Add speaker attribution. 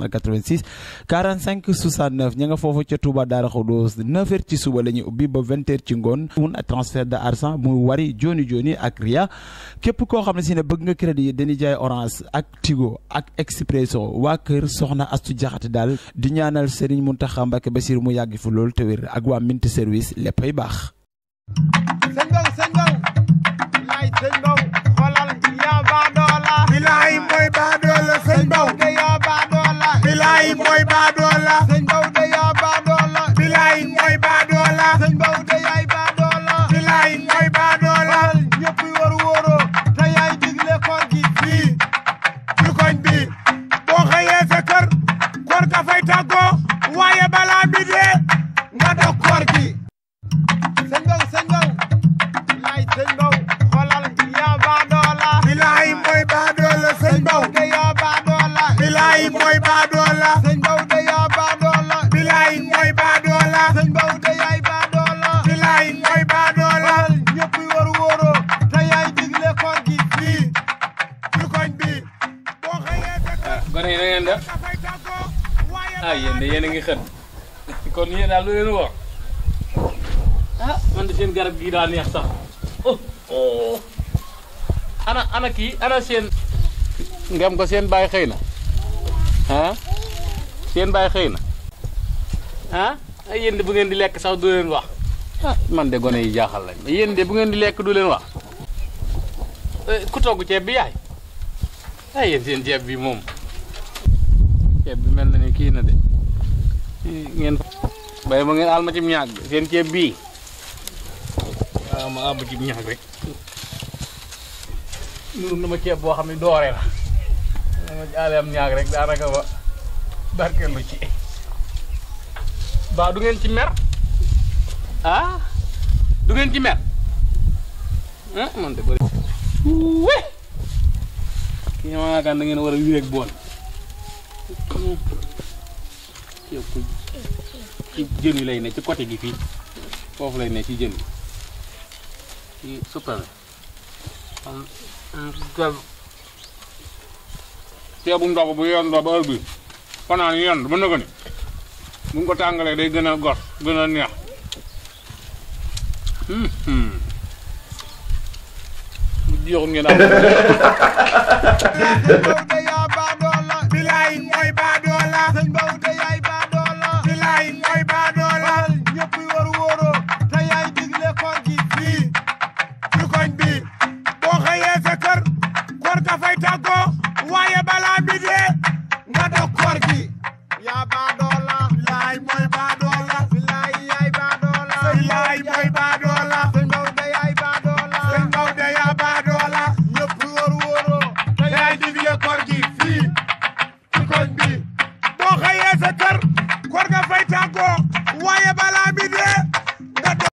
Speaker 1: 386 45 69 ña nga foofu ca Touba Daara Khoudous 9h ci suba la ñuy ubbi ba 20h ci ngoon. mun transfert de argent muy wari joni joni ak Ria képp koo xam ne si ne bëgg nga crédit dañuy jaay Orange ak Tigo ak Expresso waa kër Soxna Astu Jaxate daal di ñaanal Serigne Mountakha Mbacké Bassirou mu yàgg fi loolu te wér ak waa Mint Service ay baax.
Speaker 2: bi dee nga dog koor gi sëñ Mbow sëñ Mbow laay sëñ Mbow xoolal yaa baadoola bilaay mooy baadoola sëñ Mbow de yaa baadoola bilaay mooy baadoola sëñ Mbow de yaa baadoola bilaay mooy baadoola sëñ Mbow de yaay baadoola bilaay mooy baadoola ñëpp wóor wóoro te yaay digle koor gi fii ci koñ bi
Speaker 3: boo xëyee gone yi na ngeen def ah yéen de yéen a ngi xën kon yéen daal lu leen wax ah man de seen garab gii daa neex sax oh, oh. ana ana kii ana seen. ngam ko seen baay xëy na ah seen baay xëy na ah ay yéen bu ngeen di lekk sax du leen wax ah man de gone yi jaaxal lañ yéen de bu ngeen di lekk du leen wax eh, ku togg ceeb bi yaay ay yéen seen ceeb bi moom ceeb bi mel na ni kii na de ngeen. bay ma ngeen aal ma ci ñaag bi seen ceeb bii waaw ah, ma àbb ci ñaag rek nuru na ma ceeb boo xam ne doore la ma ci aale am ñaag rek daanaka ba barkeelu ci baa du ngeen ci mer ah du ngeen ci mer ah man ma yaakaar da ngeen war a wireeg boon yëpp ci jën yi lay ne ci côté gi fii foofu lay ne ci jën yi ci suppame ceebu ndox bu yoon ba heure fanaan yoon mën na ko ni bu ñu tàngalee day gën a gos gën a neex bu hmm, hmm. jeexul ngeen am
Speaker 2: koy baadoo